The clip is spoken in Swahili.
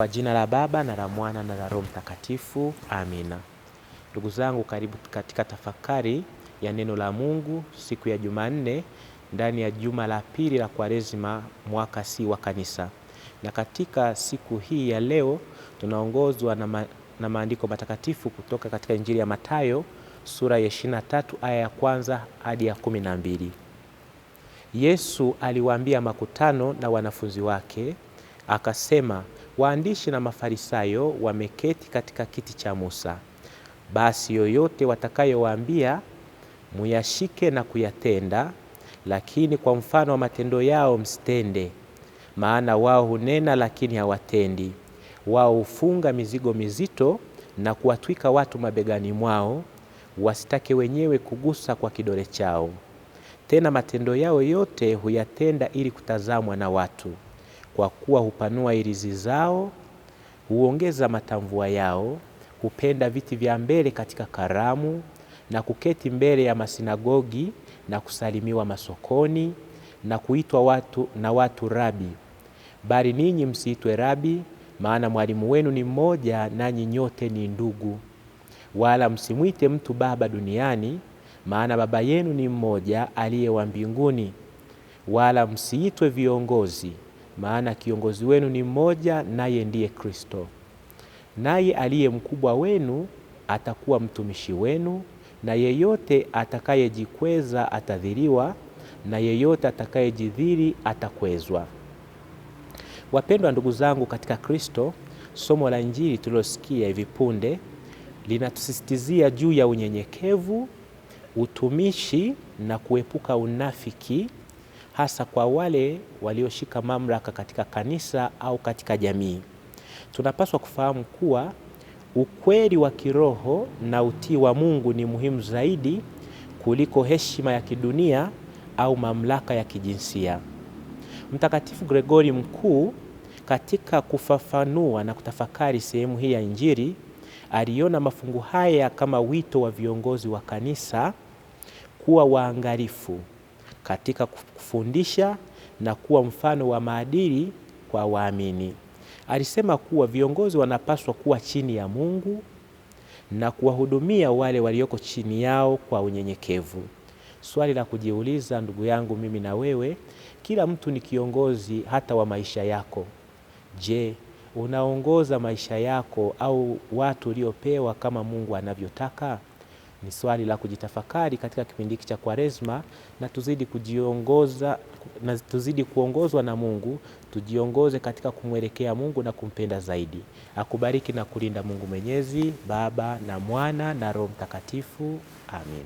Kwa jina la Baba na la Mwana na la Roho Mtakatifu, amina. Ndugu zangu, karibu katika tafakari ya neno la Mungu siku ya Jumanne ndani ya juma la pili la Kwaresima, mwaka si wa Kanisa. Na katika siku hii ya leo tunaongozwa na, ma, na maandiko matakatifu kutoka katika Injili ya Mathayo sura ya 23 aya ya kwanza hadi ya mbili Yesu aliwaambia makutano na wanafunzi wake akasema waandishi na Mafarisayo wameketi katika kiti cha Musa. Basi yoyote watakayowaambia muyashike na kuyatenda, lakini kwa mfano wa matendo yao msitende, maana wao hunena lakini hawatendi. Wao hufunga mizigo mizito na kuwatwika watu mabegani mwao, wasitake wenyewe kugusa kwa kidole chao. Tena matendo yao yote huyatenda ili kutazamwa na watu kwa kuwa hupanua irizi zao, huongeza matamvua yao, hupenda viti vya mbele katika karamu na kuketi mbele ya masinagogi na kusalimiwa masokoni na kuitwa watu, na watu rabi. Bali ninyi msiitwe rabi, maana mwalimu wenu ni mmoja, nanyi nyote ni ndugu. Wala msimwite mtu baba duniani, maana Baba yenu ni mmoja aliye wa mbinguni. Wala msiitwe viongozi maana kiongozi wenu ni mmoja, naye ndiye Kristo. Naye aliye mkubwa wenu atakuwa mtumishi wenu, na yeyote atakayejikweza atadhiriwa, na yeyote atakayejidhiri atakwezwa. Wapendwa ndugu zangu katika Kristo, somo la Injili tulilosikia hivi punde linatusisitizia juu ya unyenyekevu, utumishi na kuepuka unafiki hasa kwa wale walioshika mamlaka katika kanisa au katika jamii. Tunapaswa kufahamu kuwa ukweli wa kiroho na utii wa Mungu ni muhimu zaidi kuliko heshima ya kidunia au mamlaka ya kijinsia. Mtakatifu Gregori Mkuu katika kufafanua na kutafakari sehemu hii ya Injili aliona mafungu haya kama wito wa viongozi wa kanisa kuwa waangalifu katika kufundisha na kuwa mfano wa maadili kwa waamini. Alisema kuwa viongozi wanapaswa kuwa chini ya Mungu na kuwahudumia wale walioko chini yao kwa unyenyekevu. Swali la kujiuliza, ndugu yangu, mimi na wewe, kila mtu ni kiongozi hata wa maisha yako. Je, unaongoza maisha yako au watu uliopewa kama Mungu anavyotaka? Ni swali la kujitafakari katika kipindi hiki cha Kwaresma, na tuzidi kujiongoza na tuzidi kuongozwa na Mungu, tujiongoze katika kumwelekea Mungu na kumpenda zaidi. Akubariki na kulinda Mungu Mwenyezi, Baba na Mwana na Roho Mtakatifu. Amin.